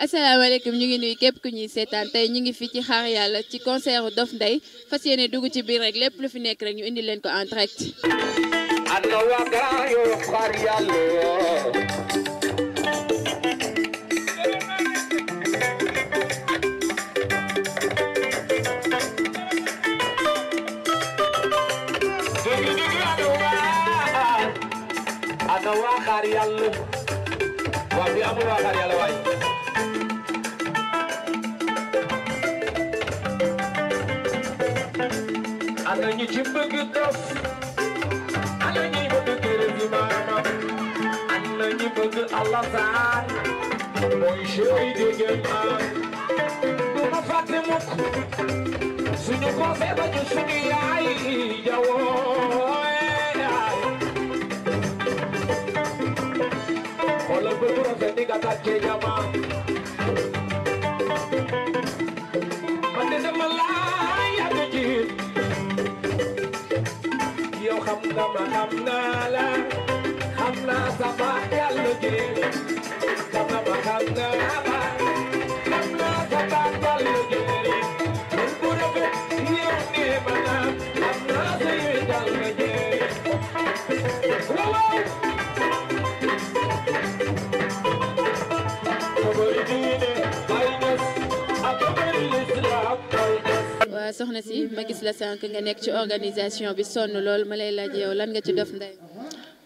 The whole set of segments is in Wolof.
Assalamualaikum ñu ngi nuy képp ku ñuy sétan tay ñu ngi fi ci xaar yàlla ci concert Dof nday fas yéene dugg ci biir rek lépp lu fi nekk rek ñu indi leen ko en direct ana xaar yàlla bi amul waa xaar yàlla ana ñu ci bëgg dof ana ñi bëgg kërëm yi maamam ana ñi bëgg Alassane mooy chéri dégg naa du ma fàtte mukk suñu ko feebañu suñu yaay jawoo yaay xoolal bëgg rafet ni nga tàccee jamaa I'm not. soxna si mhm. ma gis la sank nga nek ci organisation bi son lool malay laj yow lan nga ci def nday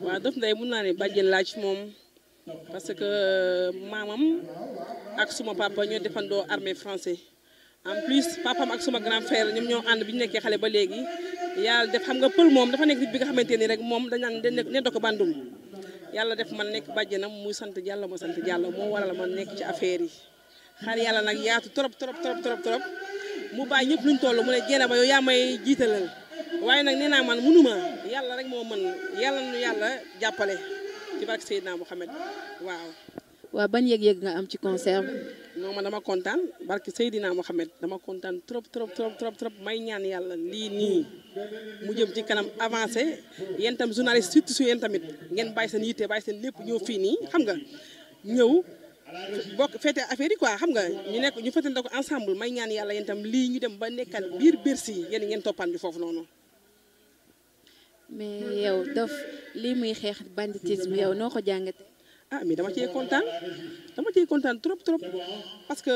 wa def nday mun naa ne bàjjen laaj parce que euh, mamam ak suma papa ñoo defando armée français en plus papam ak suma grand frère ñom ñoo and biñu nekké xalé ba légui yalla def xam nga pël mom dafa nek nit bi nga xamanteni rek mom dañ naan ne doko bandum yalla def man nekk bàjjenam muy sante yalla mo sante yalla mo waral man nek ci affaire yi xaar yalla nak yaatu torop torop torop torop mu bàyyi ñëpp luñ toll mu ne jeene ba yow yaa may jiitalal waaye nag nee naa man mënuma yàlla rek moo mën yàlla nu yàlla jàppale ci barke Seydina Mouhamed waaw. waaw ban yëg-yëg nga am ci concert non ma dama kontaan barke Seydina Mohamed dama kontaan trop trop trop trop trop may ñaan yàlla lii nii mu jëm ci kanam avancé yéen tam journaliste surtout su yéen tamit ngeen bàyyi seen yitte bàyyi seen lépp ñëw fii nii xam nga ñëw bokk fête affaire yi quoi xam nga ñu nekk ñu fëtal ko ensemble may ñaan yàlla yéen tam lii ñu dem ba nekkan biir Bercy yi yéen ngeen toppaan ñu foofu noonu mais yow dof lii muy xeex banditisme yow noo ko jàngate ah mais dama cee kontaan dama cee kontaan trop trop parce que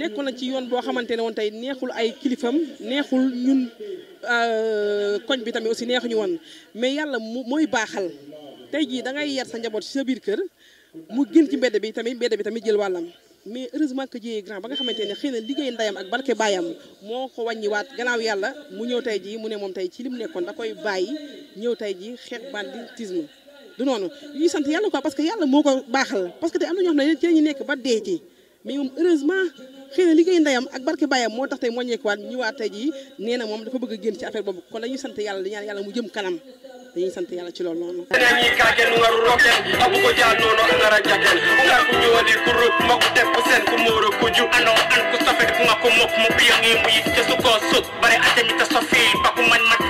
nekkoon na ci yoon boo xamante ne woon tey neexul ay kilifam neexul ñun euh, koñ bi tamit aussi neexuñu woon mais yàlla mooy baaxal tey jii da ngay yar sa njaboot ci sa biir kër mu génn ci mbedd bi tamit mbedd bi tamit jël wàllam mais heureusement que jiyee grand ba nga xamante ne xëy na liggéey ndayam ak barke baayam moo ko wàññiwaat gannaaw yàlla mu ñëw tey jii mu ne moom tey ci li mu nekkoon da koy bàyyi ñëw tey jii xeex banditisme du noonu ñuy sant yàlla quoi parce que yàlla moo ko baaxal parce que tey am na ñoo nekk ba dee ci mais moom heureusement moo tax tey moo ñeekuwaat tey jii nee na moom dafa bëgg a génn ci affaire boobu kon dañuy sant yàlla di ñaan yàlla mu jëm kanam dañuy sant yàlla ci loolu noonu noonu ku ku ku ma seen ku a ju anoo an ku sofe ku nga ko mokk mu mu yit ca su sut bare sofi ba ku man mat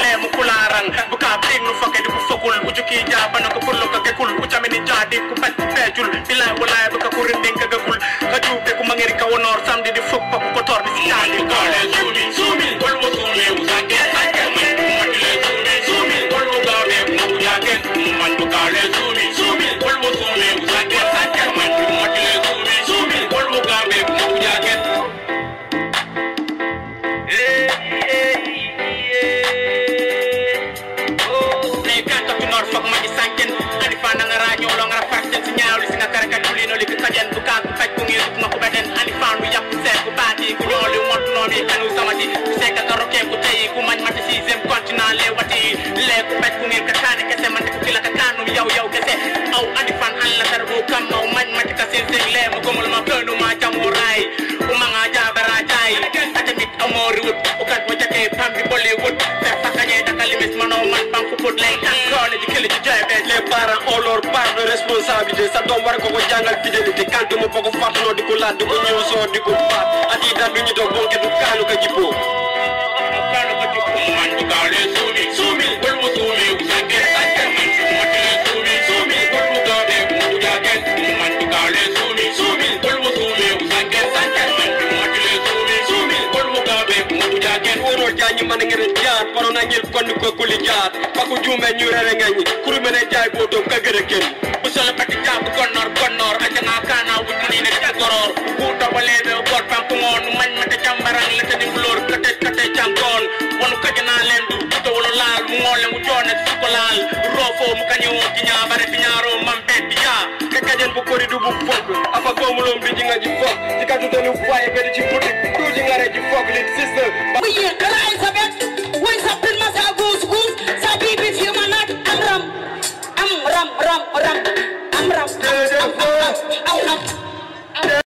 lee mu bu kaa nu di ku jaa ko ku ba ka ku ka ku ma samedi di fukk ba ku ko tor di si seka ka roke ku tay ku man mati sixième continent le wati le ku bet ku ngir ka tane kese man ku kila ka tanu yow yow kese aw adi fan an la tar bu kam aw man mati ka sixième le ma gomul ma plenu ma jamurai ku ma nga jabara jai ate bit amori wut ku kat wajate pambi bollywood fer takanye takalimis mano man banku put le tan kole di kili di joy be le parents ont leur part de responsabilité sa dom war ko ko jangal fidélité kantu mo boko fatno diko laat diko ñoso diko faat ati dan duñu do bonke du kanu ka jipo mana ngene jiyat a ngel kondi ko kuli jiyat paku jume nyurere ngani kuru mene jay boto kagere ken busala pati jab gonnor gonnor ajana kana wutani ne jagoror ku dobale be bor pampu ngon man mata jambaran la tani blor kate kate jangon wonu kajana len du to wolo laal mu ngole mu jone ko laal rofo mu kanyo ki nyaabare bi nyaaro mam be biya ka kajen bu kori du bu bok apa gomulom bi jinga ji bok ji ngare ji fok